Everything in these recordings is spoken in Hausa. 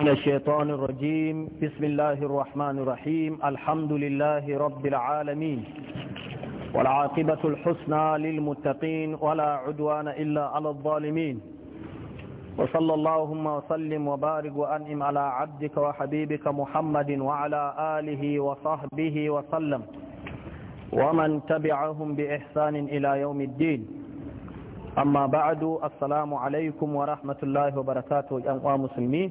من الشيطان الرجيم بسم الله الرحمن الرحيم الحمد لله رب العالمين والعاقبة الحسنى للمتقين ولا عدوان إلا على الظالمين وصلى اللهم وسلم وبارك وأنعم على عبدك وحبيبك محمد وعلى آله وصحبه وسلم ومن تبعهم بإحسان إلى يوم الدين أما بعد السلام عليكم ورحمة الله وبركاته يا مسلمين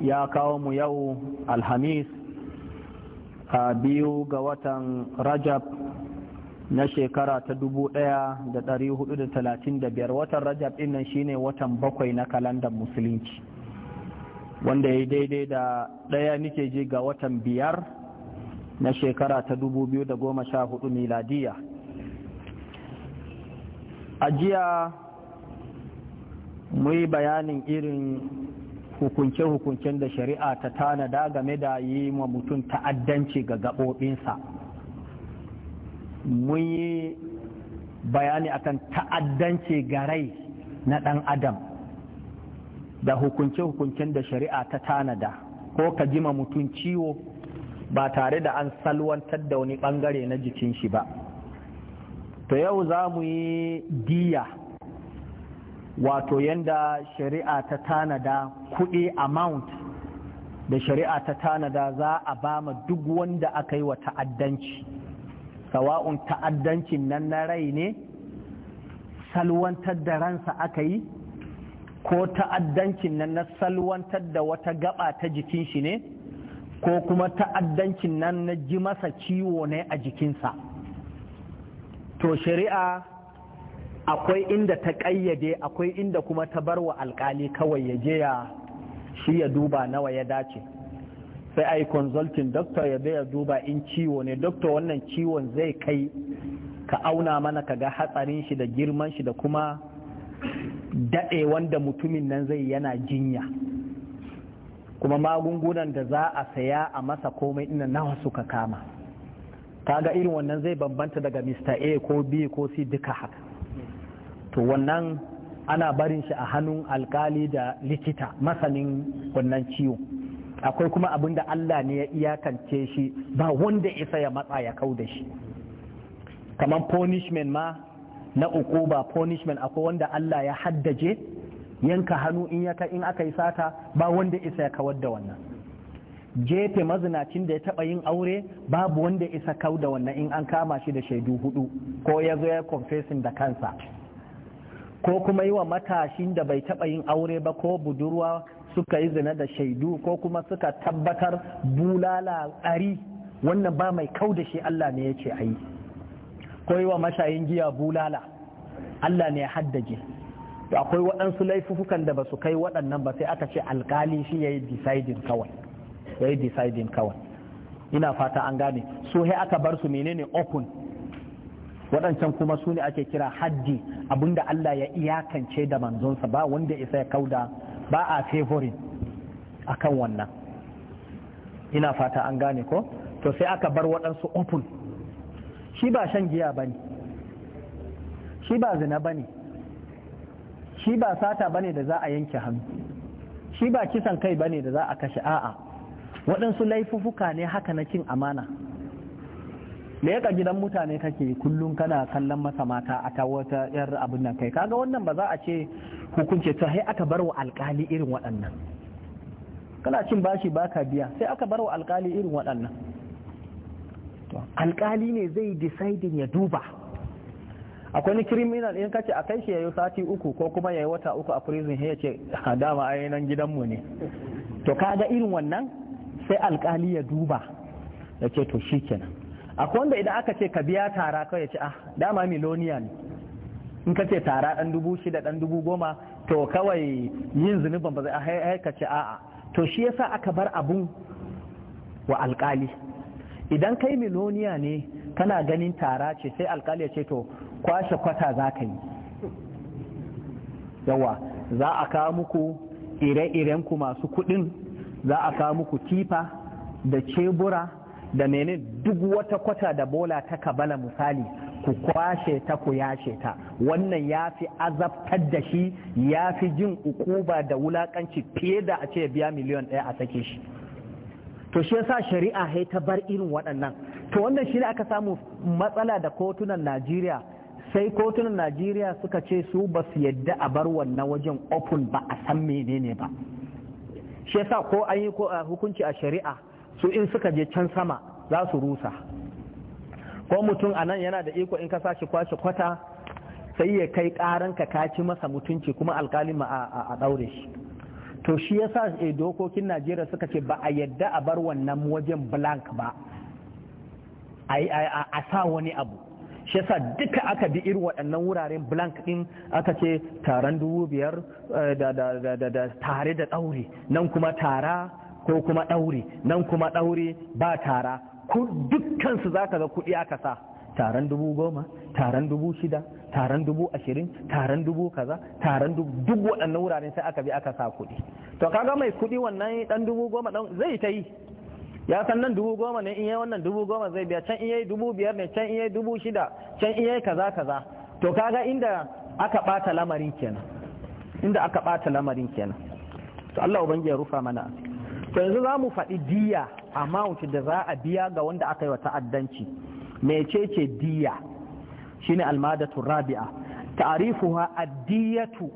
ya kawo mu yau alhamis a biyu ga watan rajab na shekara ta dubu ɗaya da hudu da talatin da biyar watan rajab ɗin nan shine watan bakwai na kalandar musulunci wanda ya daidai da ɗaya nike ji ga watan biyar na shekara ta dubu biyu da goma sha hudu miladiya a jiya mu yi bayanin irin hukunce-hukuncen da shari'a ta tanada game da yi wa mutum ta'addanci ga gaɓoɓinsa mun yi bayani akan ta'addanci ga rai na ɗan adam da hukunce-hukuncen da shari'a ta tanada ko ka ji ma mutum ciwo ba tare da an salwantar da wani ɓangare na jikin shi ba to yau za mu yi diya wato yanda shari'a ta tanada kuɗi amount da shari'a ta tanada za a bama duk wanda aka yi wa ta'addanci sawa'un ta'addancin nan na rai ne salwantar da ransa aka yi ko ta'addancin nan na salwantar da wata gaba ta jikin shi ne ko kuma ta'addancin nan na ji masa ciwo ne a jikinsa to shari'a akwai inda ta ƙayyade akwai inda kuma ta bar wa alƙali kawai ya je ya shi ya duba nawa ya dace sai a yi consulting doctor ya ya duba in ciwo ne doctor wannan ciwon zai kai ka auna mana ka ga hatsarin shi da girman shi da kuma daɗe wanda mutumin nan zai yana jinya kuma magungunan da za a saya a masa komai ina nawa suka kama ga irin wannan zai bambanta daga mr a ko b ko c duka haka to wannan ana barin shi a hannun alkali da likita masanin wannan ciwo akwai kuma abin da Allah ne ya iyakance shi ba wanda isa ya matsa ya kau da shi kamar punishment ma na uku ba punishment akwai wanda Allah ya haddaje yanka hannu in in aka yi sata ba wanda isa ya kawar da wannan jefe mazinacin da ya taba yin aure babu wanda isa kau da wannan in an kama shi da shaidu hudu ko ya zo ya confessing da kansa ko kuma yi wa matashin da bai taɓa yin aure ba ko budurwa suka yi zina da shaidu ko kuma suka tabbatar bulala ari wannan ba mai kau da shi Allah ne ya ce a yi ko yi wa mashayin giya bulala Allah ne ya haddaje to akwai waɗansu laifukan da ba su kai waɗannan ba sai aka ce alkali shi ya yi deciding kawai ya yi deciding kawai ina fata an gane su aka bar su menene open waɗancan kuma su ne ake kira haddi abinda Allah ya iyakance da manzonsa ba wanda isa ya kauda ba a favorin kan wannan ina fata an gane ko to sai aka bar waɗansu open shi ba shan giya ba ne shi ba zina ba ne shi ba sata ba ne da za a yanke hannu shi ba kisan kai ba ne da za a kashe a'a waɗansu laifufuka ne haka na cin amana da yaka gidan mutane kake kullum kana kallon masa mata a ta wata yar abin nan kai kaga wannan ba za a ce hukunce ta sai aka bar wa alkali irin waɗannan kana cin bashi ba ka biya sai aka bar wa alkali irin waɗannan alkali ne zai decidin ya duba akwai ni criminal in kace a kai shi yayi sati uku ko kuma yayi wata uku a prison sai ya ce dama ai nan gidanmu ne to kaga irin wannan sai alkali ya duba ya ce to shikenan akwai wanda idan aka ce ka biya tara kawai ce ah dama miloniya ne in ka ce tara ɗan dubu shida ɗan dubu goma to kawai yin zunubin ba zai ah, ka ce a'a to shi yasa aka bar abun wa alkali idan kai miloniya ne kana ganin tara ce sai alkali ya ce to kwashe kwata za ka yi yawa za a kawo muku ire-irenku masu kuɗin, za a kawo muku tifa da cebura da mene duk wata kwata da bola ta kabala misali ku kwashe ta ku yashe ta wannan ya fi azabtar da shi ya fi jin ukuba da wulakanci fiye da a ce biya miliyan ɗaya a sake shi to shi yasa shari'a hai ta bar irin waɗannan to wannan shi ne aka samu matsala da kotunan najeriya sai kotunan najeriya suka ce su ba su yadda a bar wannan wajen open ba a san menene ba shi yasa ko an yi hukunci a shari'a su in suka je can sama za su rusa ko mutum a nan yana da iko in ka sashi kwashe kwata sai ya kai karan ka ci masa mutunci kuma alkalin a daure shi to shi yasa eh, dokokin najeriya suka ce ba a yadda a bar wannan wajen blank ba a sa wani abu shi yasa duka aka bi irin waɗannan wuraren blank ɗin aka ce taron dubu biyar eh, da tare da ɗaure nan kuma tara ko kuma ɗaure, nan kuma ɗaure ba tara dukkansu za ka ga kuɗi aka sa taron dubu goma taron dubu shida taron dubu ashirin taron dubu kaza taron dubu duk waɗannan wuraren sai aka bi aka sa kuɗi to kaga mai kuɗi wannan ɗan dubu goma ɗan zai ta yi ya san nan dubu goma ne in yai wannan dubu goma zai biya can in dubu biyar ne can in dubu shida can in kaza kaza to kaga inda aka ɓata lamarin kenan inda aka ɓata lamarin kenan to Allah ubangiji ya rufa mana yanzu za mu faɗi diya amount da za a biya ga wanda aka yi wa ta'addanci mecece diya shine almadatu rabi'a ta'rifuha addiyatu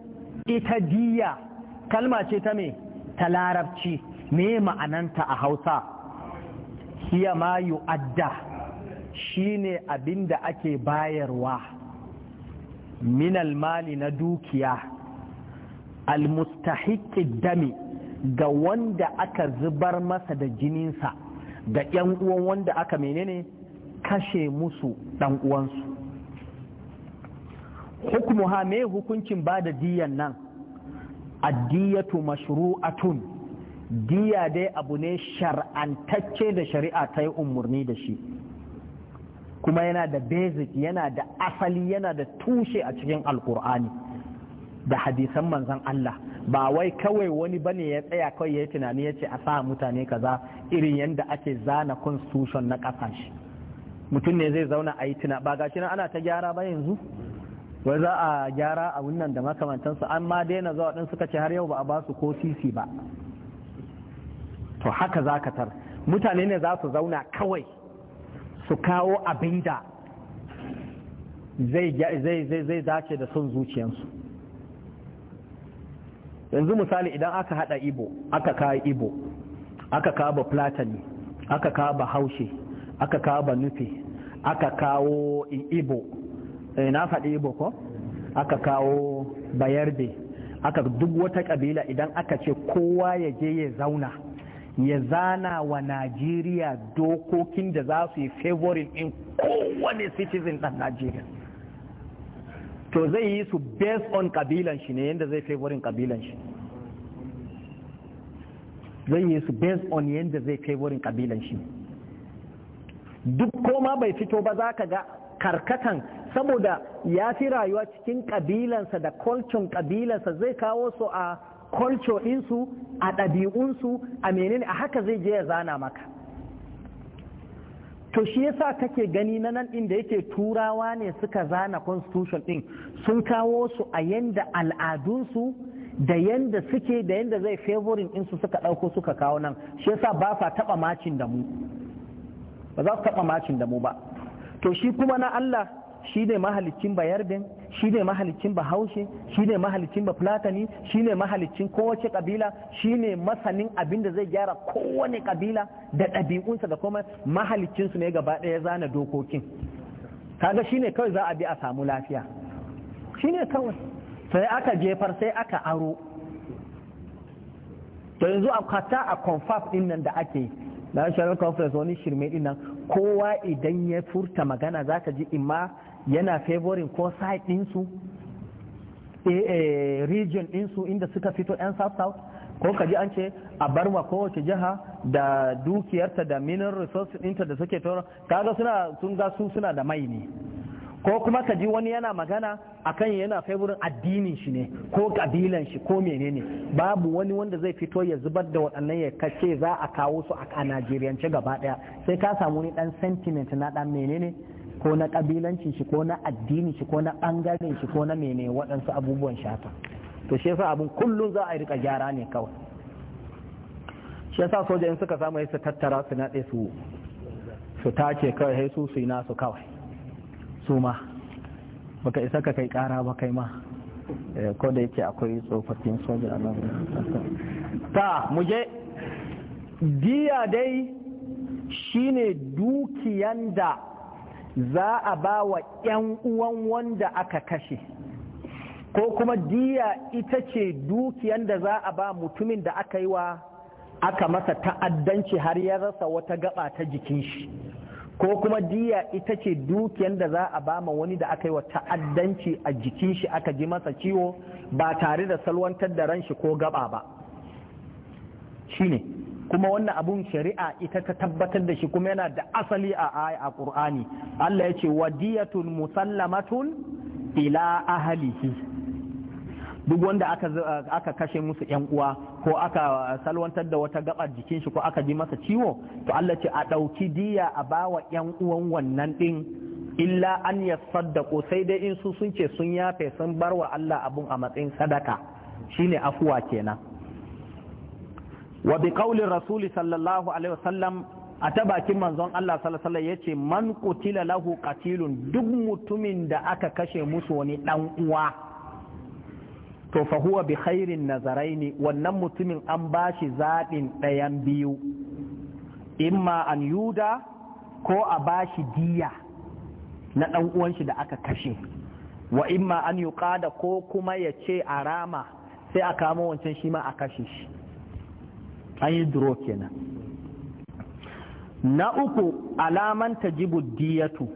ita diya kalma ce ta me ta larabci me ma'ananta a hausa hiya ma yu'adda shine abin da ake bayarwa minal mali na dukiya al dami ga wanda aka zubar masa da jininsa da ‘yan uwan wanda aka menene kashe musu ɗan uwansu hukumu ha me hukuncin ba da diyan nan addiyatu mashru'atun diya dai abu ne shar'antacce da shari'a ta yi umarni da shi kuma yana da basic yana da asali yana da tushe a cikin alkur'ani da hadisan manzon Allah ba wai kawai wani bane ya tsaya kawai ya tunani ya ce a sa mutane kaza irin yadda ake zana constitution na kasashe mutum ne zai zauna a yi tuna ba gashi nan ana ta gyara ba yanzu wai za a gyara a wannan da makamantansu an ma daina zuwa din suka ce har yau ba a ba ko sisi ba to haka za ka tar mutane ne za su zauna kawai su kawo abin da zai dace da son zuciyarsu yanzu misali idan aka hada ibo aka kawo ibo aka kawo ba platani aka kawo ba haushe aka kawo ba nufe aka kawo ibo eh, na faɗi ibo ko aka kawo bayarbe aka duk wata kabila idan aka ce kowa ya je ya zauna ya zana wa najeriya dokokin da za su yi favorin in kowane citizen ɗan najeriya to zai yi su based on kabilan shi ne yadda zai favorin kabilan shi zai yi su based on yadda zai favorin kabilan shi duk koma bai fito ba za ka ga karkatan saboda ya fi rayuwa cikin kabilansa da kolcin kabilansa zai kawo su a kolco ɗinsu a ɗabi'unsu a menene a haka zai je ya zana maka to shi yasa kake gani na nan ɗin da yake turawa ne suka zana constitution ɗin sun kawo su a yanda al'adunsu da yanda suke da yanda zai favorin su suka dauko suka kawo nan shi yasa ba sa taɓa macin da mu ba za su taɓa macin da mu ba to shi kuma na Allah shi ne mahalicin bayarben shi ne mahalicin bahaushe shi ne mahalicin bafulatani shi ne mahalicin kowace kabila shi ne masanin abin da zai gyara kowane kabila da ɗabi'unsa da kuma mahalicinsu ne gaba ɗaya zana dokokin kaga shi ne kawai za a bi a samu lafiya shi ne kawai sai aka jefar sai aka aro to yanzu a kata a confab din nan da ake yi national conference wani shirme din nan kowa idan ya furta magana za ka ji imma yana favorin ko side ɗinsu eh, eh, region ɗinsu inda suka fito 'yan south south ko kaji an ce a barwa kowace jiha da dukiyarta da mineral resources ɗinta da suke tauron kaga suna sun ga su suna da mai ne ko kuma kaji wani yana magana akan yana favorin addinin shi ne ko kabilan shi ko menene babu wani wanda zai fito ya zubar da waɗannan ya kace za a kawo su a Najeriyance gaba ɗaya sai ka samu ni dan sentiment na dan menene ko na kabilancin shi ko na addini shi ko na bangaren shi ko na mene waɗansu abubuwan shafa to shi yasa abin kullum za a rika gyara ne kawai shi yasa soja in suka samu su tattara su naɗe su su tace kawai sai su su yi nasu kawai su ma baka isa ka kai ƙara ba kai ma eh, ko da yake akwai tsofaffin soja a nan ta mu je diya dai shine dukiyan da za a ba wa ‘yan uwan wanda aka kashe ko kuma diya ita ce dukiyan da za a ba mutumin da aka yi wa aka masa ta'addanci har ya rasa wata gaba ta jikin shi ko kuma diya ita ce dukiyan da za a ba bama wani da aka yi wa ta'addanci a jikin shi aka ji masa ciwo ba tare da salwantar da ran shi ko gaba ba shi ne. kuma wannan abun shari'a ita ta tabbatar da shi kuma yana da asali a aya a Qur'ani Allah ya ce wadiyatun musallamatun ila ahlihi duk wanda aka aka kashe musu yan uwa ko aka salwantar da wata gabar jikin shi ko aka ji masa ciwo to Allah ce a dauki diya a bawa yan uwan wannan din illa an yasaddaqu sai dai in su sun sun yafe sun barwa Allah abun a matsayin sadaka shine afuwa kenan wa bi qaulin rasuli sallallahu alaihi wasallam a ta bakin manzon Allah sallallahu alaihi yace man qutila lahu qatilun duk mutumin da aka kashe musu wani dan uwa to fa huwa bi khairin nazaraini wannan mutumin an bashi zaɓin ɗayan biyu imma an yuda ko a bashi diya na ɗan uwan shi da aka kashe wa imma an yuqada ko kuma ya ce a rama sai a kamo wancan shi ma a kashe shi an yi kenan na uku alaman ta diyatu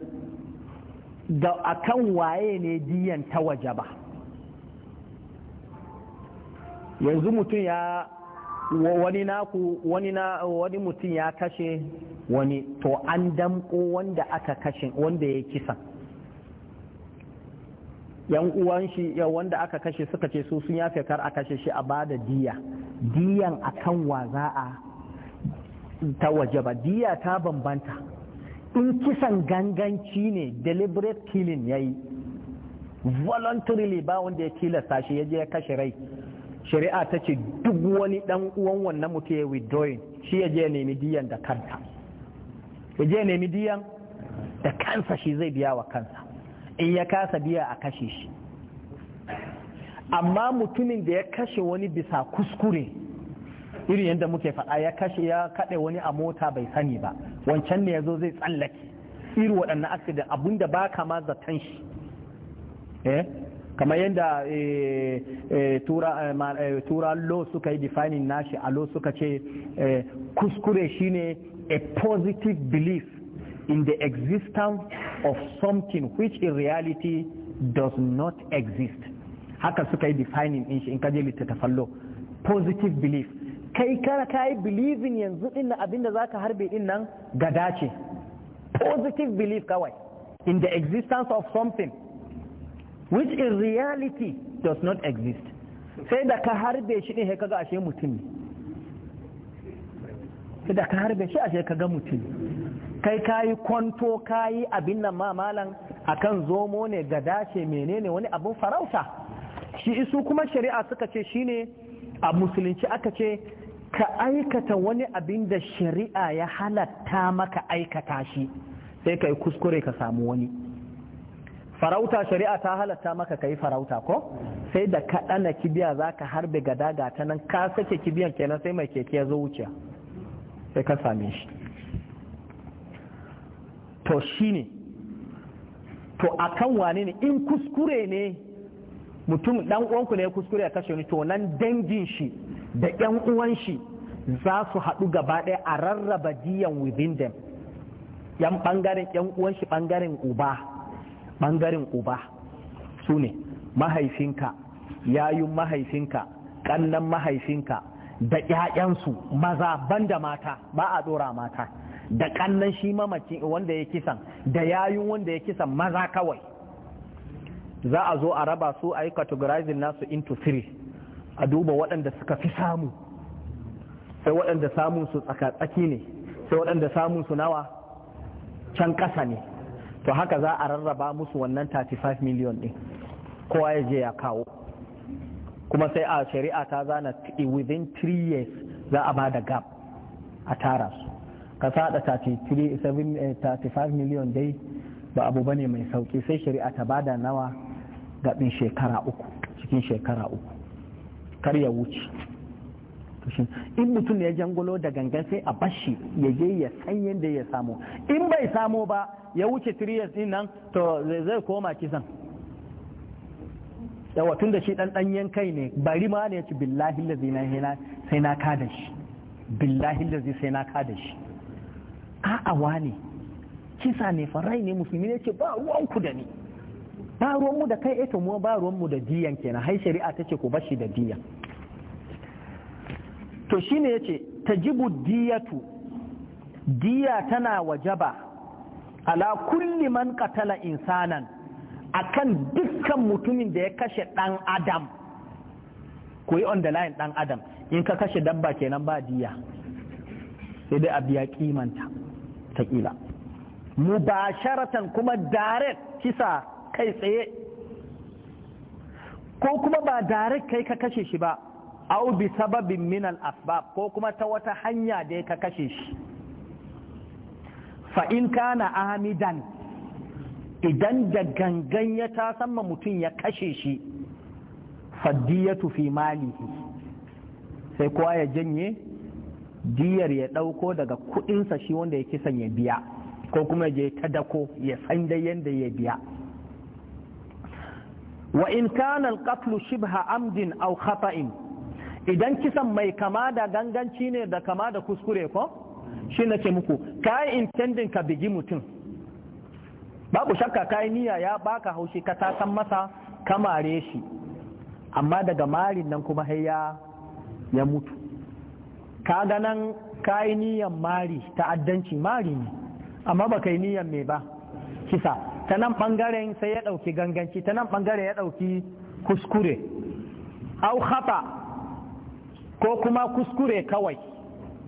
da akan waye ne diyan ta waje ba yanzu mutum ya wani naku wani na wani mutum ya kashe wani to an damko wanda aka kashe wanda ya kisan yan uwan shi wanda aka kashe suka ce su sun yafe kar a kashe shi a bada diya diyan akan wa za a ta waje ba diya ta bambanta in kisan ganganci ne deliberate killing yayi voluntarily ba wanda ya tilasta shi ya je ya kashe rai shari'a ta ce duk wani dan uwan wannan mutum ya withdrawing shi ya je nemi diyan da kanta ya je nemi diyan da kansa shi zai biya wa kansa in ya kasa biya a kashe shi amma mutumin da ya kashe wani bisa kuskure irin yadda muke faɗa ya kashe ya kaɗe wani a mota bai sani ba wancan ne ya zo zai tsallake irin waɗannan accident abun da ba kama zaton shi eh kamar yadda eh, eh, tura eh, lo suka yi defining nashi a lo suka ce kuskure shine a positive belief in the existence of something which in reality does not exist haka suka yi defining in shi in kaje littattafan positive belief kai kana ka yi believing yanzu din abinda za ka harbe din nan gada ce positive belief kawai in the existence of something which in reality does not exist sai da ka harbe shi ne kaga ashe mutum ne sai da ka harbe shi ashe kaga mutum ne kai ka yi kwanto ka yi abin nan ma malam kan zomo ne ga dace menene wani abin farauta shi isu kuma shari'a suka ce shi ne a musulunci aka ce ka aikata wani abin da shari'a ya halatta maka aikata shi sai ka yi kuskure ka samu wani farauta shari'a ta halatta maka ka yi farauta ko sai da ka ɗana kibiya za ka harbe gada gata nan ka sake kibiyan kenan sai mai keke ya zo wuce sai ka same shi to shi ne to akan wane ne in kuskure ne mutum dan uwanku ne ya kuskure ya kashe ni to nan dangin shi da yan uwan shi za su haɗu gaba ɗaya a rarraba diyan within them yan bangaren yan uwan shi bangaren uba bangaren uba su ne mahaifinka yayun mahaifinka ƙannan mahaifinka da 'ya'yansu maza banda mata ba a ɗora mata da kannan shi mamaci wanda ya kisan da yayun wanda ya kisan maza kawai za a zo a raba su a yi categorizing nasu into three a duba waɗanda suka fi samu sai waɗanda samun su tsaka-tsaki ne sai waɗanda samun su nawa can ƙasa ne to haka za a rarraba musu wannan 35 miliyon ɗin kowa ya je ya kawo kuma sai a shari'a ta zana within 3 years za a ba da gap a tara su ka sada 35 miliyan dai ba abu bane mai sauki sai shari'a ta bada nawa gaɓin shekara uku cikin shekara uku kar ya wuce in mutum ya jangolo da gangan sai a bashi ya je ya san yadda ya samu in bai samu ba ya wuce 3 years din nan to zai koma kisan yawa tun da shi dan danyen kai ne bari ma ne ya ci billahi lazi na sai na kada shi billahi lazi sai na kada shi a'awa ne kisa ne farai ne musulmi ne ce ba ruwanku da ni ba ruwan mu da kai eto eh mu ba ruwan mu da diyan kenan hai shari'a ta ce ku bashi da diya to shine yace tajibu diyatu diya tana wajaba ala kulli man qatala insanan akan dukkan mutumin da ya kashe dan adam ku yi on the line dan adam in ka kashe dabba kenan ba diya sai dai a biya kimanta mubasharatan kuma direct kisa kai tsaye ko kuma ba direct kai ka kashe shi ba au bi sababin min al asbab ko kuma ta wata hanya dai ka kashe shi fa in kana amidan idan daganganya ta ya mutum ya kashe shi faddiyatu fi malihi sai kowa ya janye diyar ya ɗauko daga kuɗinsa shi wanda ya kisan ya biya ko kuma je ta dako ya san dai yadda ya biya wa in kana al shibha amdin aw khata'in idan kisan mai kama da ganganci ne da kama da kuskure ko shi nake muku kai intending ka bigi mutum babu shakka kai niyya ya baka haushi ka tasan masa kamare shi amma daga marin nan kuma haiya ya mutu ka ga nan ka yi niyan mari ta'addanci mari ne amma ba yi niyan me ba kisa ta nan ɓangaren sai ya ɗauki ganganci ta nan ɓangaren ya ɗauki kuskure au khata ko kuma kuskure kawai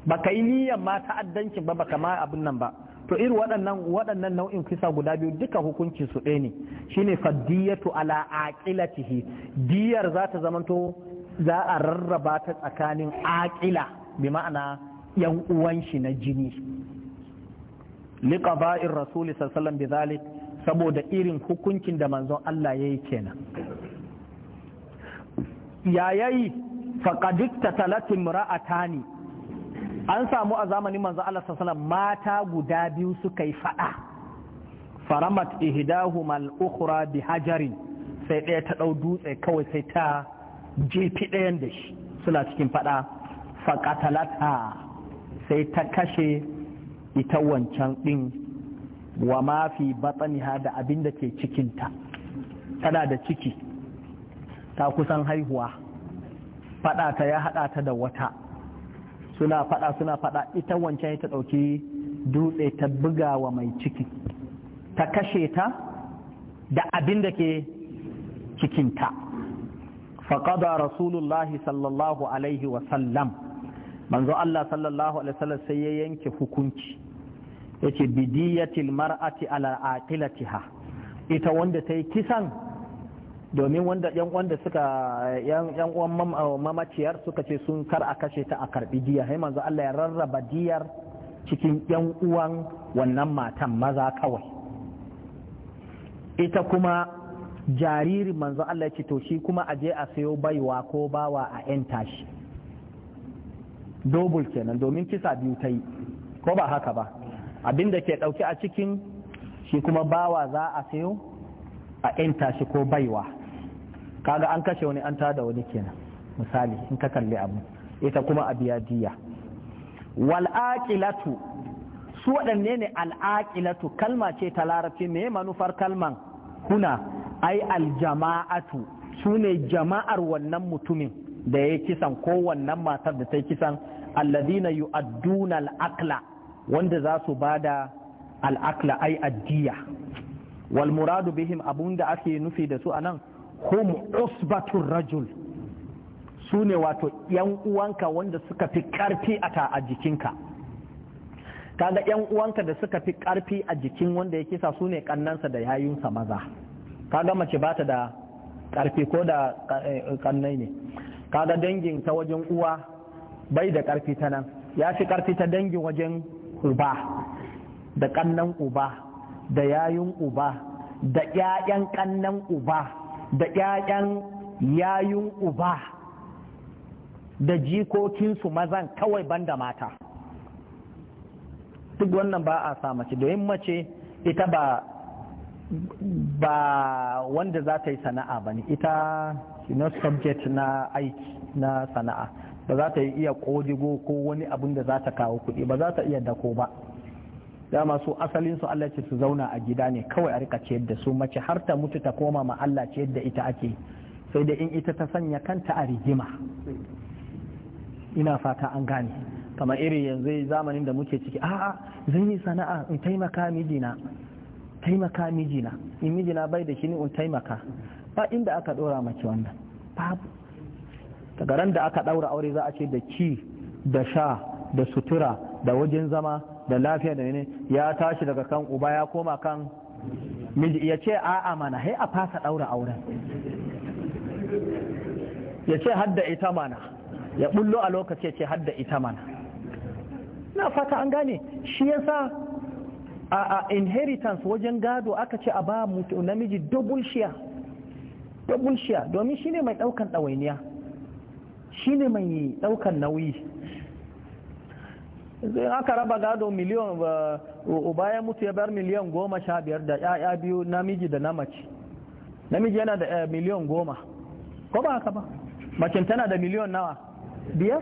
baka yi niyan ma ta'addancin ba ba ma abin nan ba to irin waɗannan waɗannan nau'in kisa guda biyu duka hukuncin su ɗaya ne shine faddiyatu ala aqilatihi diyar za ta zamanto za a rarraba ta tsakanin aqila bi ma'ana yan uwan shi na jini liqaba'ir rasul sallallahu alaihi bizalik saboda irin hukuncin da manzon Allah yayi kenan ya yayi faqadikta talatin ra'atani an samu a zamanin manzon Allah sallallahu mata guda biyu suka yi fada faramat ihdahumal al-ukhra bi hajarin sai ɗaya ta ɗau dutse kawai sai ta jefi ɗayan da shi suna cikin fada faƙatalata sai ta kashe ita wancan ɗin wa mafi batsaniha da abin da ke cikinta tana da ciki ta kusan haihuwa faɗa ta ya haɗa ta da wata suna faɗa suna faɗa ita wancan ta ɗauki dutse ta buga wa mai ciki ta kashe ta da abin da ke cikinta faƙada rasulullahi sallallahu alaihi wasallam manzo Allah sallallahu alaihi wasallam sai ya yanke hukunci yace bidiyatil mar'ati ala aqilatiha ita wanda ta yi kisan domin wanda yan wanda suka yan uwan mamaciyar suka ce sun kar a kashe ta a karbi diya sai manzo Allah ya rarraba diyar cikin yan uwan wannan matan maza kawai ita kuma jariri manzo Allah ya ce to shi kuma aje a sayo baiwa ko bawa a 'yan tashi Dobul kenan domin kisa biyu ta yi ko ba haka ba abin da ke ɗauke a cikin shi kuma bawa za a sayo a yanta shi ko baiwa kaga an kashe wani an tada wani kenan misali in ka kalli abu ita kuma a biya diya wal'aƙilatu su waɗanne ne al'aƙilatu kalma ce ta larabci me manufar kalman kuna ai aljama'atu su ne jama'ar wannan mutumin da ya kisan kowannan matar da ta yi kisan alladina yu'adduna al'akla wanda za su ba da al'akla ai addiya wal muradu bihim abun da ake nufi da su a nan hum usbatul rajul su ne wato yan uwanka wanda suka fi karfi a a jikinka kaga yan uwanka da suka fi karfi a jikin wanda ya kisa su ne kannansa da yayunsa maza kaga mace ba ta da karfi ko da kannai eh, ne kaga dangin ta wajen uwa bai da karfi ta nan ya fi karfi ta dangin wajen uba da kannan uba da yayun uba da ƴaƴan kannan uba da ƴaƴan yayun uba da jikokinsu mazan kawai banda mata duk wannan ba a sa mace domin mace ita ba ba wanda za ta yi sana'a ba ne ita na subject na aiki na sana'a ba za ta iya kodigo ko wani abin da za ta kawo kuɗi ba za ta iya dako ba dama su asalin su Allah ce su zauna a gida ne kawai a rika ciyar da su mace har ta mutu ta koma ma Allah ciyar da ita ake sai da in ita ta sanya kanta a rigima ina fata an gane kamar irin yanzu zamanin da muke ciki a'a zan yi sana'a in taimaka mijina taimaka mijina in mijina bai da shi ne in taimaka ba inda aka ɗora mace wannan babu daga ran da aka ɗaura aure za a ce da ci da sha da sutura da wajen zama da lafiya da ne ya tashi daga kan uba ya koma kan miji ya ce a'a mana hai a fasa ɗaura auren ya ce hadda ita mana ya bullo a lokaci ya ce hadda ita mana na fata an gane shi yasa a inheritance wajen gado aka ce a ba namiji double share ta bulshiya domin shine mai ɗaukan ɗawainiya shine mai ɗaukan nauyi zai aka raba gado miliyon uba ya mutu ya bar miliyan goma sha biyar da ya'ya biyu namiji da namaci namiji yana da eh, miliyon goma ko ba haka ba macin tana da miliyon nawa biyar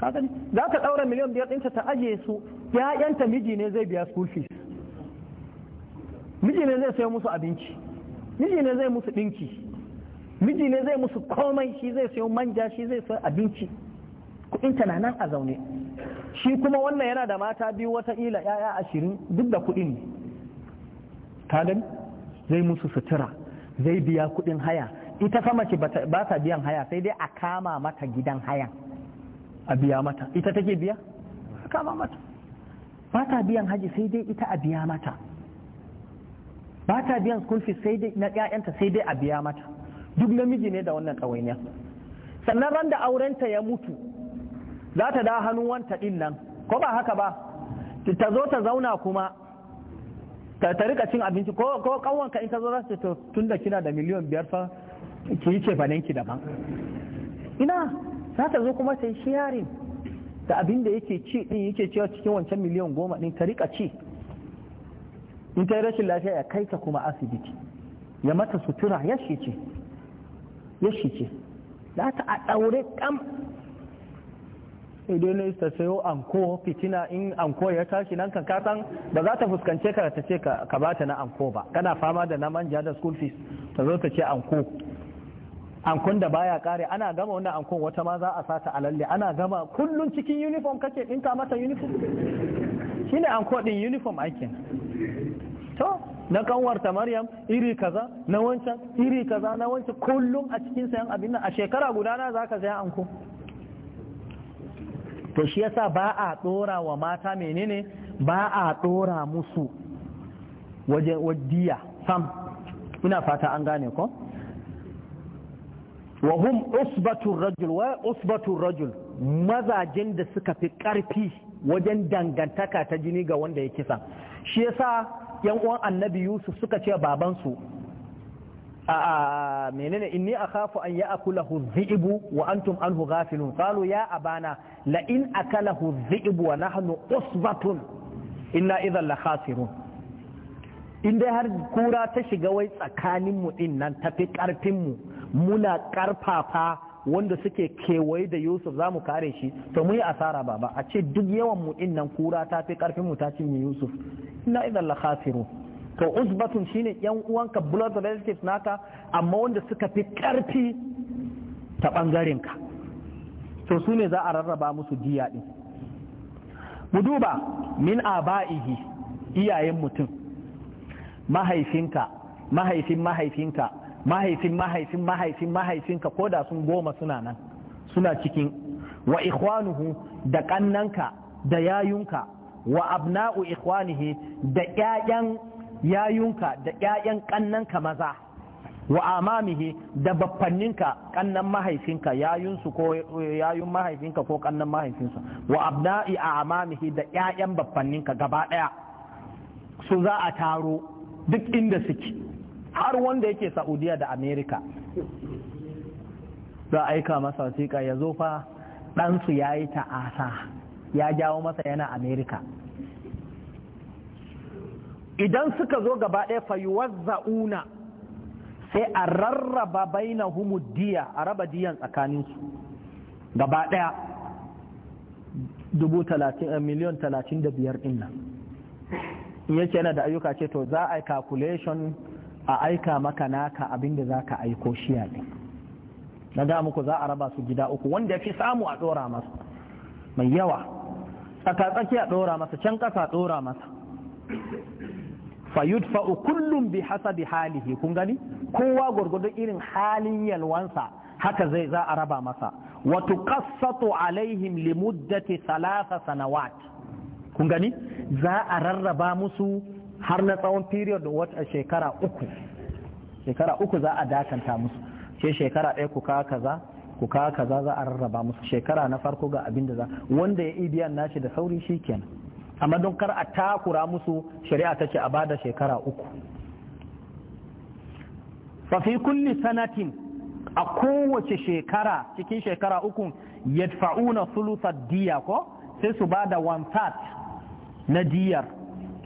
za ka ɗaura miliyon biyar ɗinta ta ajiye su ya'yanta miji ne zai biya school fees miji ne zai sayo musu abinci miji ne zai musu ɗinki miji ne zai musu komai shi zai sayo manja shi zai sayo abinci kuɗin tana nan a zaune shi kuma wannan yana da mata biyu wataƙila ‘ya'ya ashirin duk da kuɗin ne ta gani zai musu sutura zai biya kuɗin haya ita fa mace ba ta biyan haya sai dai a kama mata gidan hayan a biya mata ita take biya a kama mata ba ta biyan haji sai dai ita a biya mata ba ta biyan school fees sai dai na ƴaƴanta sai dai a biya mata duk namiji ne da wannan ƙawainiya sannan ran da aurenta ya mutu za ta da hannuwanta wanta nan ko ba haka ba ta zo ta zauna kuma ta rika cin abinci ko kanwanka in ta zo za su to tun da kina da miliyan biyar fa ki yi ki daban ina za ta zo kuma sai shiyarin da abin da yake ci din yake cewa cikin wancan miliyan goma din ta rika ci in ta rashin lafiya ya kai ta kuma asibiti ya mata sutura ya shice ya shice za ta a ɗaure kam idan ta sayo anko fitina in anko ya tashi nan kan kasan ba za ta fuskance ka ta ce ka bata na anko ba kana fama da na manja da school fees ta zo ta ce anko ankon da baya kare ana gama wannan ankon wata ma za a sata a lalle ana gama kullun cikin uniform kake dinka mata uniform shine anko din uniform aikin na ƙanwarta maryam iri kaza na wancan iri kaza na wancan kullum a cikin sayan abin nan a shekara guda na za ka sayan anko to shi yasa ba a tsora wa mata menene ba a tsora musu waje wadiya sam ina fata an gane ko wa hum usbatur rajul wa usbatur rajul mazajen da suka fi karfi wajen dangantaka ta jini ga wanda ya kisa shi yasa yan uwan annabi yusuf suka ce babansu a menene inni akhafu an ya'kulahu dhi'bu wa antum anhu ghafilun qalu ya abana la in akalahu dhi'bu wa nahnu usbatun inna idhan la khasirun in dai har kura ta shiga wai tsakanin mu din nan tafi karfin mu muna karfafa wanda suke kewaye da Yusuf za mu kare shi to mu yi asara ba a ce duk yawan mu din nan kura ta fi karfin mu ta cinye Yusuf inna idan la khasiru to usbatun shine yan uwanka blood relatives naka amma wanda suka fi karfi ta bangaren ka to su ne za a rarraba musu diya din mu duba min aba'ihi iyayen mutum mahaifinka mahaifin mahaifinka mahaifin mahaifin mahaifin mahaifinka ko da sun goma suna nan suna cikin wa ikhwanuhu da kannanka da yayunka wa abna'u ikhwanihi da ƴaƴan yayunka da ƴaƴan kannanka maza wa amamihi da baffanninka kannan mahaifinka yayunsu ko yayun mahaifinka ko kannan mahaifinsa wa abna'i a amamihi da ƴaƴan baffanninka gaba ɗaya su za a taro duk inda suke har wanda yake saudiya da amerika za a aika masa wasiƙa ya zo fa ɗansu ya yi ta'asa ya jawo masa yana amerika idan suka zo gaba ɗaya fayuwar za'una sai a rarraba baina diya a raba diyan tsakaninsu gaba ɗaya dubu talatin eh, miliyon talatin da biyar ɗin nan in yake yana da ayyuka ce to za a yi calculation a aika maka naka abin da za ka aiko shi yaɗi na da muku za a raba su gida uku wanda ya fi samu a ɗora masa mai yawa tsakatsaki a ɗora masa can ƙasa ɗora masa fa'u kullum bi hasabi halihi kun gani kowa gwargwadon irin halin yalwansa haka zai za a raba masa wa tuqassatu alaihim limuddati talasa sanawat kun gani za a rarraba musu har na tsawon period wata shekara uku shekara uku za a dakanta musu sai shekara ɗaya ku kawo kaza ku kawo kaza za a rarraba musu shekara na farko ga abin da za wanda ya ibiyan nashi da sauri shi kenan amma don kar a takura musu shari'a ta ce a bada shekara uku fafi kulli sanatin a kowace shekara cikin shekara uku yadfa'una sulusa diya ko sai su bada one third na diyar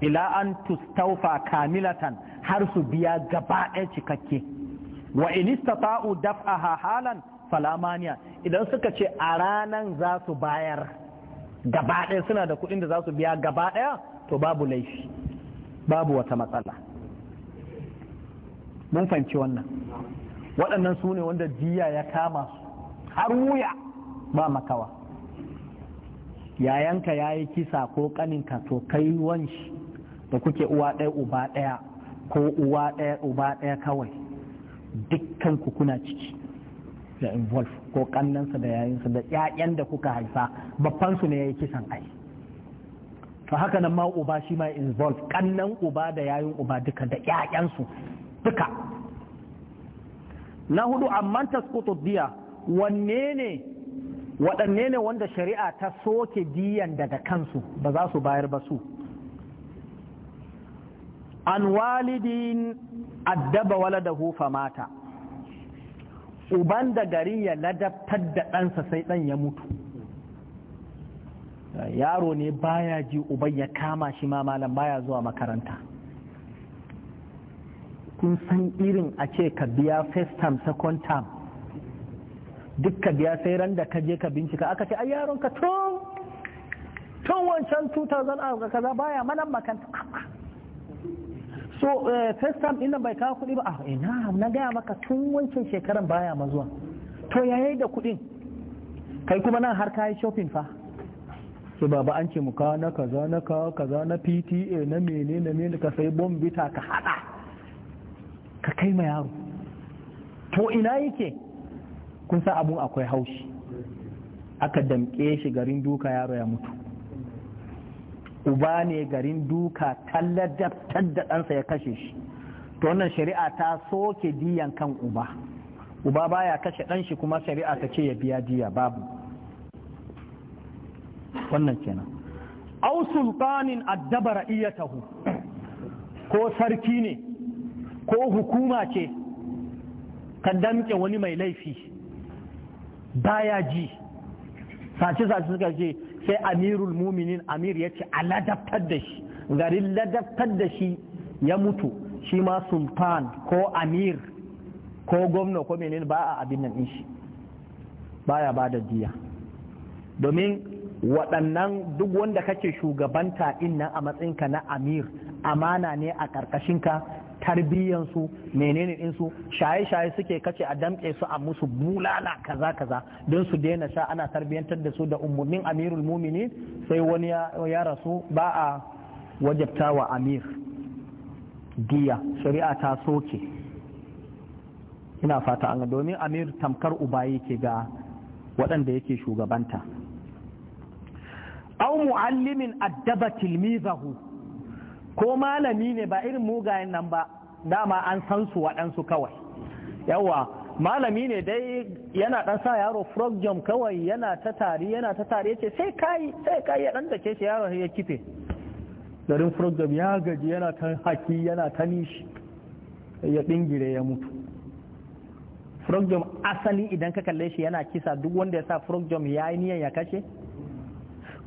ila an tustaufa kamilatan har su biya gaba ɗaya cikakke wa in istata'u daf'aha halan falamaniya idan suka ce a ranan za su bayar gaba ɗaya suna da kuɗin da za su biya gaba ɗaya to babu laifi babu wata matsala mun fahimci wannan waɗannan su ne wanda jiya ya kama su har wuya ba makawa yayanka ya yi kisa ko kaninka to kai wanshi da kuke uwa ɗaya uba ɗaya ko uwa ɗaya uba ɗaya kawai dukkan ku kuna ciki da involve ko kannansa da yayinsa da ƴaƴan da kuka haifa babban su ne yayi kisan ai to haka nan ma uba shi ma involve kannan uba da yayin uba duka da ƴaƴan su duka na hudu amman tasqutu diya wanne ne waɗanne ne wanda shari'a ta soke diyan daga kansu ba za su bayar ba su an walidin addaba waladahu famata uban da gari ya ladabtar da ɗansa sai ɗan ya mutu yaro ne baya ji uban ya kama shi ma malam baya zuwa makaranta kun san irin a ce ka biya first term second term duk ka biya sai ran da ka je ka bincika aka ce ai yaron ka tun wancan 2000 ah, kaza baya manan makanta so eh, first time ina bai kawo kuɗi ba a ah, ina na gaya maka tun wancan shekaran baya mazuwa to ya yi da kuɗin kai kuma nan har kayi shopping fa ba baba an ce muka na kaza na kawo kaza na pta na mene na mene ka sai bombita ka hada ka kai ma yaro to ina yake kun sa abun akwai haushi aka damƙe shi garin duka yaro ya mutu uba ne garin duka talladabtar da ɗansa ya kashe shi to wannan shari'a ta soke diyan kan uba uba baya kashe ɗan shi kuma shari'a ta ce ya biya diya babu wannan kenan au sultanin iya ra'iyatahu ko sarki ne ko hukuma ce ka damke wani mai laifi baya ji sace sace suka ce sai amirul muminin amir ya ce a ladabtar da shi garin ladabtar da shi ya mutu shi ma sultan ko amir ko gwamna ko menene ba a abin nan shi baya ba da diya domin waɗannan duk wanda kake shugabanta inna a matsayinka na amir amana ne a ƙarƙashinka tarbiyyansu menene su shaye-shaye suke kace a damƙe su a musu bulala kaza kaza don su daina sha ana tarbiyyantar da su da umarnin amirul mumini sai wani ya rasu ba a wajabta wa amir diya shari'a ta soke ina fata an domin amir tamkar uba yake ga waɗanda yake shugabanta au mu'allimin addaba tilmizahu ko malami ne ba irin mugayen nan ba dama an san su waɗansu kawai yawa malami ne dai yana ɗan sa yaro frog jam kawai yana ta tari yana ta tari yace sai kai sai kai ya dan dake shi yaro ya kife garin frog jam ya gaji yana ta haki yana ta nishi ya dingire ya mutu frog jam asali idan ka kalle shi yana kisa duk wanda ya sa frog jam yayi niyan ya kashe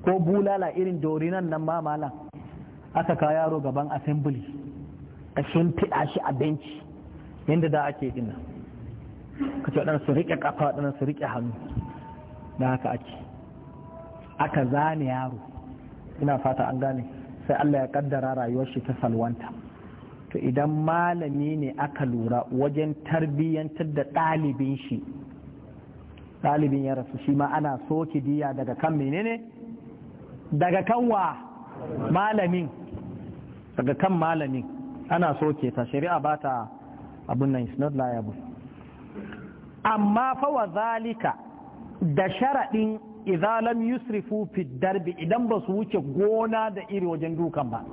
ko bulala irin dorinan nan ma malam aka kawo yaro gaban assembly a fiɗa shi a benci yadda da ake dina ka ce waɗanda su riƙe ƙafa waɗanda su riƙe hannu da haka ake aka zane yaro ina fata an gane sai Allah ya ƙaddara rayuwar shi ta salwanta to idan malami ne aka lura wajen tarbiyyantar da ɗalibin shi ɗalibin ya rasu shi ma ana soki diya daga kan menene daga kan wa malamin daga kan malamin ana soke ta shari'a ba ta abun nan is not liable amma fa wa zalika da sharaɗin lam yusrifu fi darbi idan ba su wuce gona da iri wajen dukan ba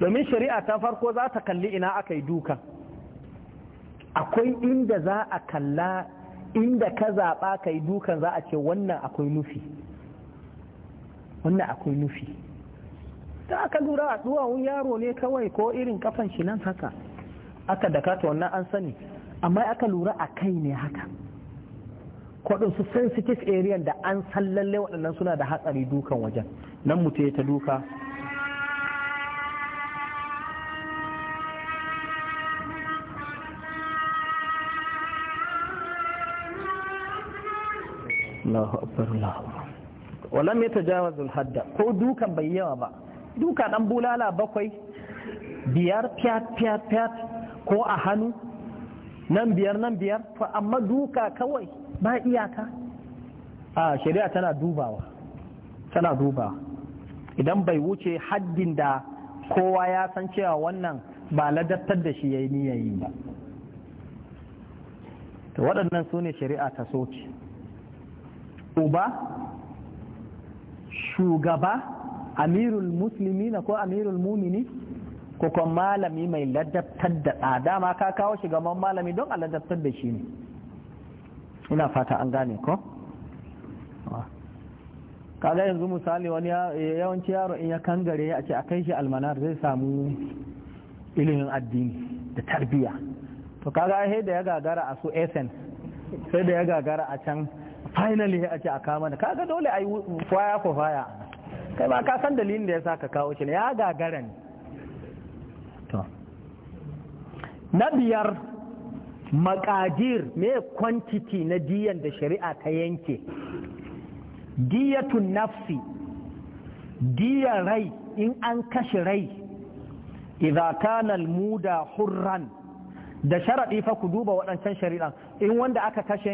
domin shari'a ta farko za ta kalli ina aka yi dukan akwai inda za a kalla inda ka zaɓa ka yi dukan za a ce wannan akwai nufi wannan akwai nufi ta aka lura a duwawun yaro ne kawai ko irin kafan shi nan haka aka daka ta wannan an sani amma aka lura a kai ne haka kwadon su sensitive area da an san lalle waɗannan suna da hatsari dukan wajen nan mutu ta duka Allahu Akbar Allahu Akbar walam yatajawazu al-hadda ko dukan bai yawa ba duka ɗan bulala bakwai biyar fiyat fiyat fiyat ko a hannu nan biyar nan biyar to amma duka kawai ba iyaka a shari'a tana dubawa tana dubawa idan bai wuce haddin da kowa ya san cewa wannan ba ladattar da shi ya niyayi ba to waɗannan su shari'a ta soke uba shugaba amirul musulmi na ko amirul mumini ko kuma malami mai ladabtar da tsada ma ka kawo shi gaban malami don a ladabtar da shi ne ina fata an gane ko kaga yanzu misali wani yawanci yaro in ya kangare a ce a kai shi almanar zai samu ilimin addini da tarbiyya to kaga sai da ya gagara a su essence sai da ya gagara a can finally a ce a kama da kaga dole a yi faya ko faya kai ma ka san dalilin da ya sa ka kawo shi ne ya gagara ne na biyar makadir me kwantiti na diyan da shari'a ta yanke diyatun nafsi diyan rai in an kashe rai idza kana almuda hurran da sharadi fa ku duba waɗancan shari'a in wanda aka kashe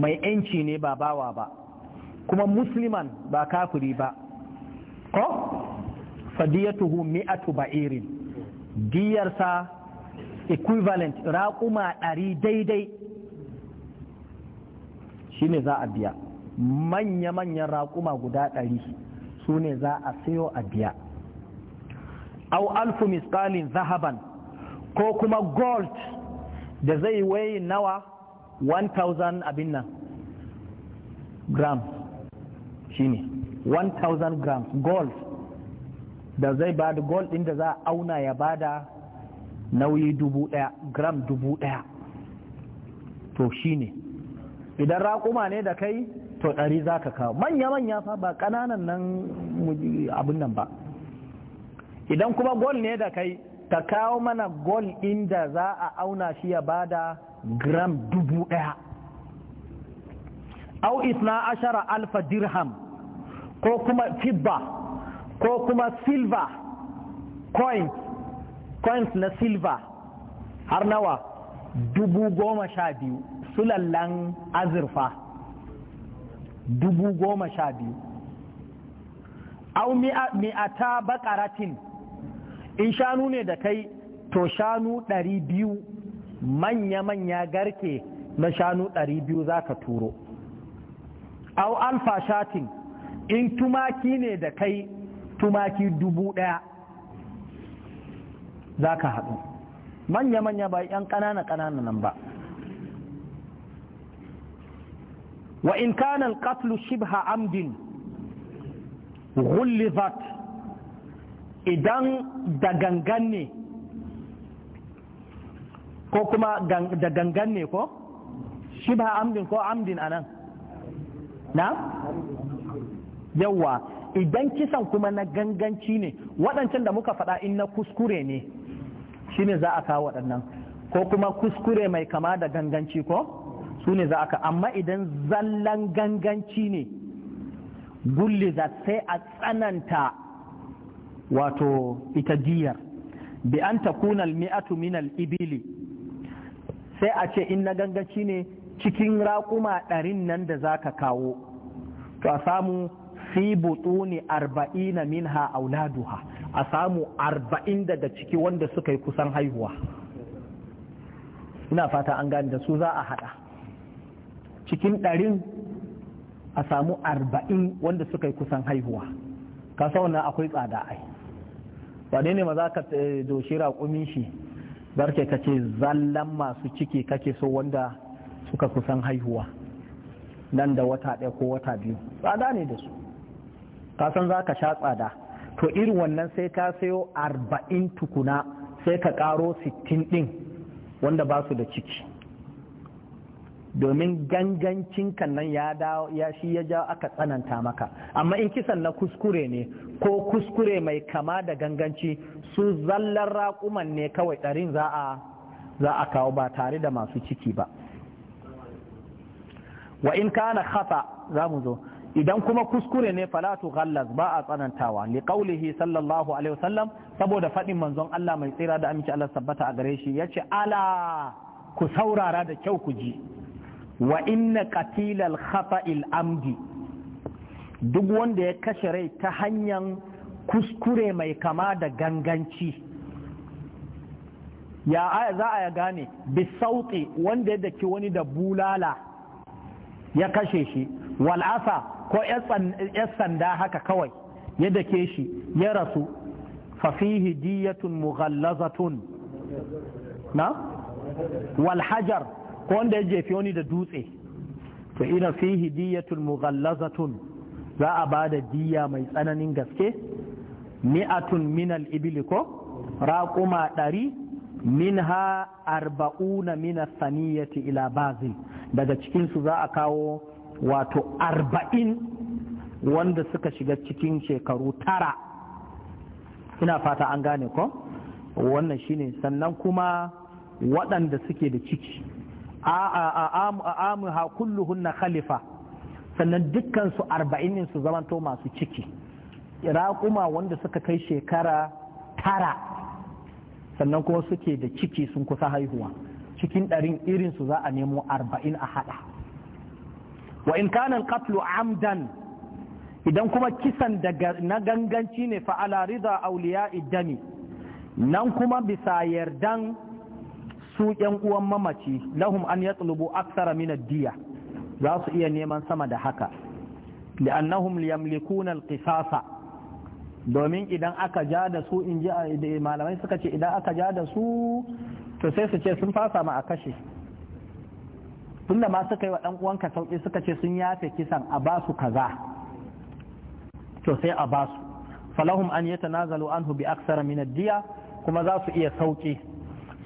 mai 'yanci ne ba bawa ba kuma musliman ba kafiri ba ko fadiyatuhu mi'atu ba'irin diyarsa equivalent raƙuma ɗari daidai ne za a biya manya-manyan raƙuma guda ɗari su ne za a sayo a biya au alfu miskalin zahaban ko kuma gold da zai waye nawa 1000 abin nan grams ne 1000 grams gold da zai ba da gold ɗin da za a auna ya ba da nauyi dubu ɗaya gram dubu ɗaya to shi ne idan raƙuma ne da kai to ɗari za ka kawo manya-manya fa ba ƙananan nan abin nan ba idan kuma gol ne da kai ka kawo mana gol inda za a auna shi ya bada gram dubu ɗaya au isna ashara alfa dirham ko kuma fibba ko kuma silver coins coins na silver har nawa dubu goma sha biyu sulallan azurfa dubu goma sha biyu au mi'ata bakaratin in shanu ne da kai to shanu ɗari biyu manya-manya garke na shanu ɗari biyu za ka turo au alfa shatin in tumaki ne da kai tumaki dubu ɗaya za ka haɗu manya-manya ba ‘yan ƙanana-ƙanana nan ba wa in kana alqatlu shibha amdin ghullizat idan da gangan ne ko kuma da gangan ne ko shibha amdin ko amdin anan na yawa idan kisan kuma na ganganci ne waɗancan da muka faɗa in na kuskure ne shi ne za a kawo waɗannan ko kuma kuskure mai kama da ganganci ko su ne za a kawo amma idan zallan ganganci ne za sai a tsananta wato ita diyar bi an takuna mi'atu min ibili sai a ce in na ganganci ne cikin raƙuma ɗarin nan da za ka kawo to a samu fi butuni arba'ina minha auladuha a samu arba'in daga ciki wanda suka yi kusan haihuwa ina fata an gane da su za a hada cikin ɗarin a samu arba'in wanda suka yi kusan haihuwa kasa wannan akwai tsada ai ba ne ma za ka eh, doshi raƙumin shi barke ka ce zallan masu ciki kake so wanda suka kusan haihuwa nan da wata ɗaya ko wata biyu tsada ne da su ka san za ka sha tsada to irin wannan sai ka sayo arba'in tukuna sai ka karo sittin ɗin wanda ba su da ciki domin gangancin kan nan ya dawo ya shi ya ja aka tsananta maka amma in kisan na kuskure ne ko kuskure mai kama da ganganci su zallar raƙuman ne kawai ɗarin za a za a kawo ba tare da masu ciki ba wa in kana khata za mu zo idan kuma kuskure ne falatu ghallaz ba a tsanantawa li qaulihi sallallahu alaihi wasallam saboda fadin manzon Allah mai tsira da amince Allah sabbata a gare shi yace ala ku saurara da kyau ku ji wa inna qatilal khata'il amdi duk wanda ya kashe rai ta hanyar kuskure mai kama da ganganci ya za a ya gane bi sauti wanda ya daki wani da bulala ya kashe shi wal'asa ko ‘yan sanda haka kawai ya dake shi ya rasu fafihi diyatun mughallazatun na walhajar ko wanda ya jefi wani da dutse to ina fihi diyatun mughallazatun za a ba da diya mai tsananin gaske mi'atun minal ibili ko raƙuma ɗari minha arba'una minas saniyati ila bazin daga cikinsu za a kawo wato arba'in wanda suka shiga cikin shekaru tara ina fata an gane ko wannan shine sannan kuma waɗanda suke da ciki a amuha hunna khalifa sannan dukkansu arba'in su zamanto masu ciki raƙuma wanda suka kai shekara tara sannan kuma suke da ciki sun kusa haihuwa cikin ɗarin irinsu za a nemo arba'in a haɗa wa in kana al amdan idan kuma kisan daga na ganganci ne fa ala rida awliya dami nan kuma bisa yardan su yan uwan mamaci lahum an yatlubu aksara min diya za su iya neman sama da haka li'annahum yamlikuna al-qisasa domin idan aka ja da su in ji eh, malamai suka ce idan aka ja da su to sai su ce sun fasa ma a kashe tunda ma suka yi wa ɗan uwanka sauƙi suka ce sun yafe kisan a ba su kaza to sai a ba su falahum an yatanazalu anhu bi aksara min diya kuma za su iya sauƙi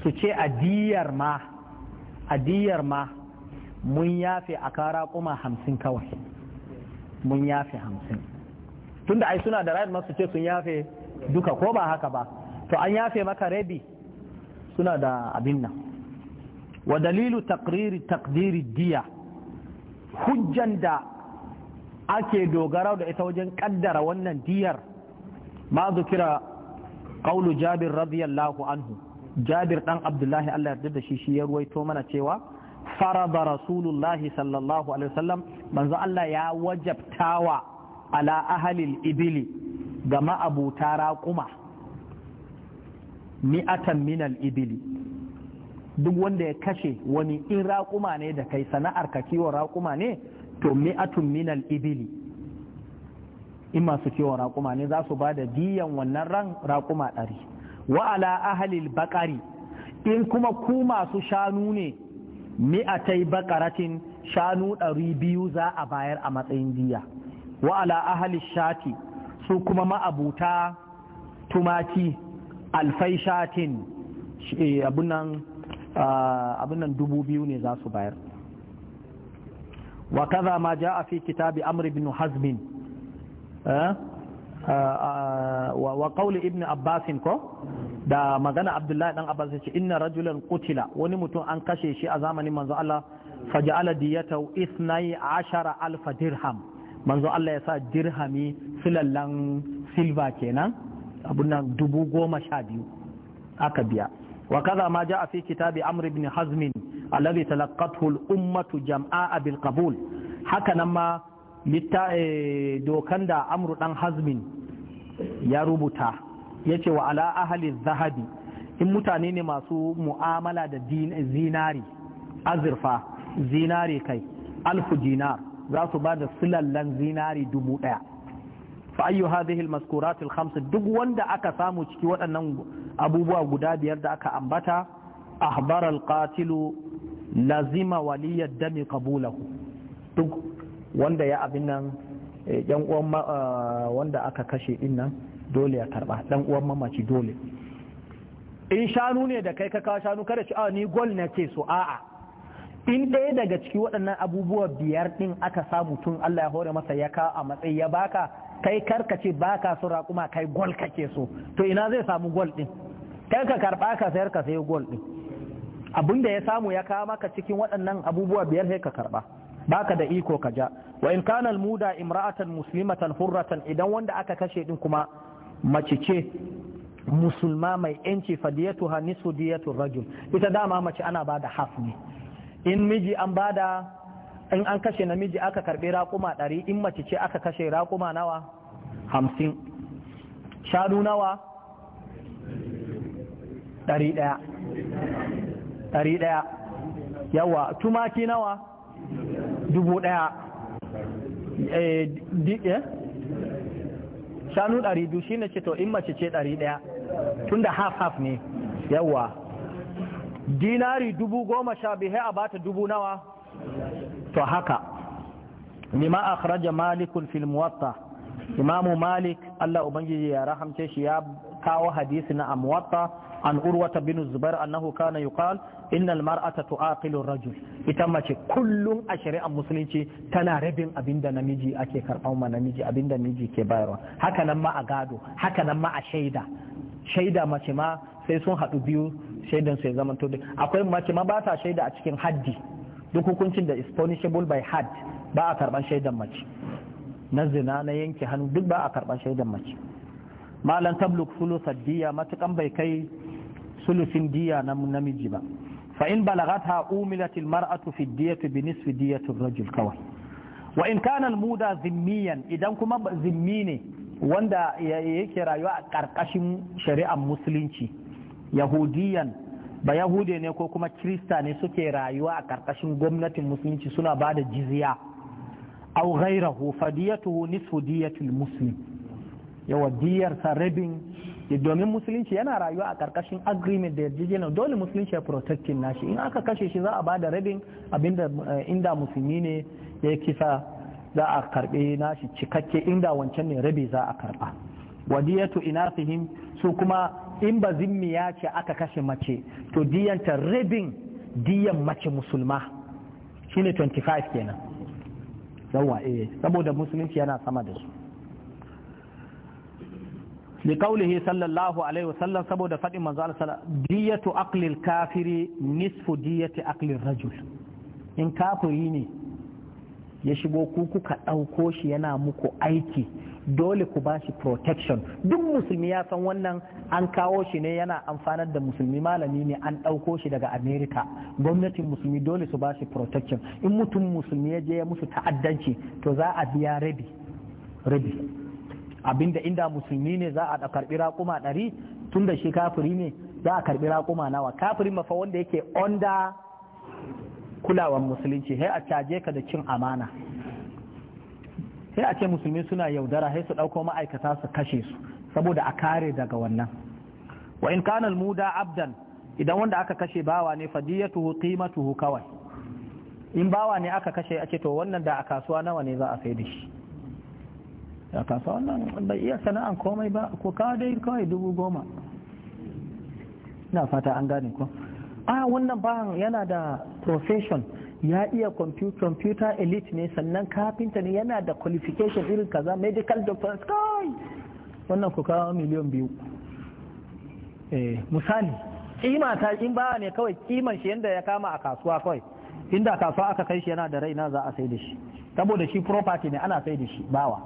su ce a diyar ma a diyar ma mun yafe a kara kuma hamsin kawai mun yafe hamsin tunda ai suna da rayu su ce sun yafe duka ko ba haka ba to an yafe maka rabi suna da abin nan wa dalilu taqriri taqdiri diya hujjan da ake dogara da ita wajen kaddara wannan diyar ma zukira qaulu jabir radiyallahu anhu jabir dan abdullahi Allah yarda da shi shi ya ruwaito mana cewa farada rasulullahi sallallahu alaihi wasallam manzo Allah ya wajabtawa ala ahalil ibili ga ma'abuta raƙuma mi'atan minal ibili duk wanda ya kashe wani in raƙuma ne da kai sana'ar ka kiwon raƙuma ne to mi'atun minal ibili in masu kiwon raƙuma ne za su ba da diyan wannan ran raƙuma ɗari wa ala ahalil baƙari in kuma ku masu shanu ne mi'atai baƙaratin shanu ɗari biyu za a bayar a matsayin diya wa ala ahalil shati su kuma ma'abuta tumaki alfai shatin eh, abunan abin nan dubu biyu ne za su bayar wa kaza ma ja a fi kitabi amri ibn hazmin wa qawli ibn abbas ko da magana abdullahi dan abbas ce inna rajulan kutila wani mutum an kashe shi a zamanin manzo Allah isnai ashara alfa dirham manzo Allah ya sa dirhami filallan silva kenan abun nan dubu goma sha biyu aka biya وكذا ما جاء في كتاب عمرو بن حزم الذي تلقته الأمة جمعاء بالقبول haka nan ma dokan da amru ɗan hazmin ya rubuta ya ce wa ala ahali zahabi in mutane ne masu mu'amala da zinari azurfa zinari kai alfu dinar za su ba da silallan zinari dubu daya fa ayyu hadhihi almaskurat alkhams duk wanda aka samu ciki waɗannan abubuwa guda biyar da aka ambata ahbar alqatilu lazima waliyar dami kabula duk wanda ya abin nan eh, yan uwan eh, wanda aka kashe din nan dole ya karba dan uwan mamaci dole in shanu ne da kai ka kawo shanu kada ci a ah, ni gol na ce su a'a in ɗaya daga ciki waɗannan abubuwa biyar ɗin aka samu tun Allah ya hore masa ya kawo a matsayi ya baka kai ka ba ka su raƙuma kai gol kake so to ina zai samu gol ɗin kai ka karɓa ka sayar ka sayi gol ɗin abin da ya samu ya kawo maka cikin waɗannan abubuwa biyar sai ka karɓa baka da iko ka ja wa in kana almuda imra'atan muslimatan hurratan idan wanda aka kashe din kuma mace ce musulma mai yanci fadiyatuha nisfu diyatu rajul ita dama mace ana bada hafni in miji an bada in an kashe namiji aka karbi raƙuma ɗari in mace ce aka kashe raƙuma nawa hamsin shanu nawa ɗari ɗaya ɗari ɗaya yawa tumaki nawa dubu ɗaya eh, eh? shanu ɗari biyu ne ce to in mace ce ɗari ɗaya tun da half half ne yawa dinari dubu goma sha biyu a bata dubu nawa to haka lima akhraja malikun fil muwatta imamu malik Allah ubangiji ya rahamce shi ya kawo hadisi na amwatta an urwata bin zubair annahu kana yuqal innal mar'ata tu'aqilu rajul ita mace kullum a shari'ar musulunci tana rabin abinda namiji ake karɓar ma namiji abinda namiji ke bayarwa haka nan ma a gado haka nan ma a shaida shaida mace ma sai sun haɗu biyu shaidan sai zama to akwai mace ma ba ta shaida a cikin haddi duk hukuncin da is punishable by had ba a karban shaidan mace na zina na yanke hannu duk ba a karban shaidan mace malan tabluk sulusar diya matukan bai kai sulusin diya na namiji ba fa in balagata umilat almar'atu fi diyati bi nisfi diyati rajul kawai wa in kana almuda zimmiyan idan kuma zimmi ne wanda yake rayuwa a karkashin shari'ar musulunci yahudiyan ba yahude ne ko kuma kirista ne suke rayuwa a karkashin gwamnatin musulunci suna ba da jizya Aure ghairahu fadiyatuhu nisfu diyatul muslim yawa diyarsa rabin domin musulunci yana rayuwa a karkashin agreement da jina, dole musulunci ya protectin nashi in aka kashe shi za a ba da rabin abinda eh, inda musulmi ne ya kisa za a karbe nashi cikakke inda wancan ne rabi za a karba wadiyatu inasihim su kuma in ba zimmiya ce aka kashe mace to diyanta rabin diyan mace musulma shine 25 kenan yawa eh saboda musulunci yana sama da su liƙaulihi sallallahu alaihi wasallam saboda faɗin manzo Allah sallallahu diyatu aqlil kafiri nisfu diyati aqlil rajul in kafiri ne ya shigo ku kuka ɗauko shi yana muku aiki dole ku ba shi protection duk musulmi ya san wannan an kawo shi ne yana amfanar da musulmi malami ne an ɗauko shi daga Amerika. gwamnatin musulmi dole su ba shi protection in mutum musulmi ya je ya musu ta'addanci to za a biya rabi rabi abinda inda musulmi ne za a karbi raƙuma ɗari tun da shi kafiri ne za a karbi raƙuma nawa kafiri mafa wanda yake onda kulawan musulunci sai a caje ka da cin amana sai a ce musulmi suna yaudara sai su ɗauko ma'aikata su kashe su saboda a kare daga wannan wa in kana almuda abdan idan wanda aka kashe bawa ne fadiyatuhu qimatuhu kawai in bawa ne aka kashe ake to wannan da a kasuwa nawa ne za a sai da shi a kasuwa da bai iya sana'an komai ba ko kawai dai kawai dubu goma na fata an gane ko a wannan bawan yana da profession ya iya computer elite ne sannan kafinta ne yana da qualification irin kaza medical doctor kawai wannan ku kawo miliyan biyu eh, misali kima ta in bawa ne kawai kiman shi yadda ya kama a kasuwa kawai inda kasuwa aka kai shi yana da raina za a sai da shi saboda shi property ne ana sai da shi bawa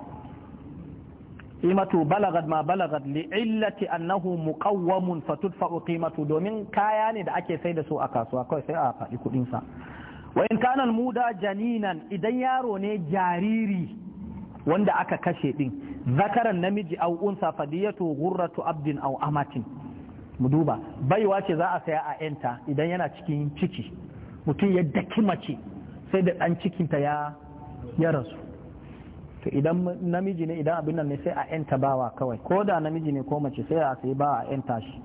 qimatu balagat ma balagat li illati annahu muqawwamun fatudfa'u qimatu domin kaya ne da ake sai da su a kasuwa kawai sai a faɗi kuɗin sa wa in kana muda janinan idan yaro ne jariri wanda aka kashe din zakaran namiji au unsa fadiyatu ghurratu abdin au amatin mu duba baiwa ce za a saya a yanta idan yana cikin ciki mutum ya daki mace sai da dan cikinta ya ya rasu to idan namiji ne idan abin nan ne sai a yanta bawa kawai ko da namiji ne ko mace sai a sai ba a yanta shi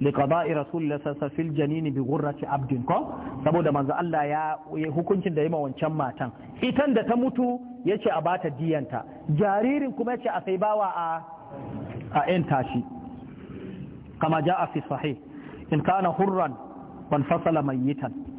liqada'i rasulullah sallallahu alaihi wasallam janini bi ghurrati abdin ko saboda manzo Allah ya hukuncin da ya ma wancan matan itan da ta mutu ya ce a bata diyanta jaririn kuma ya ce a sai bawa a a yan tashi kama ja a fi sahih in kana hurran wan fasala mayitan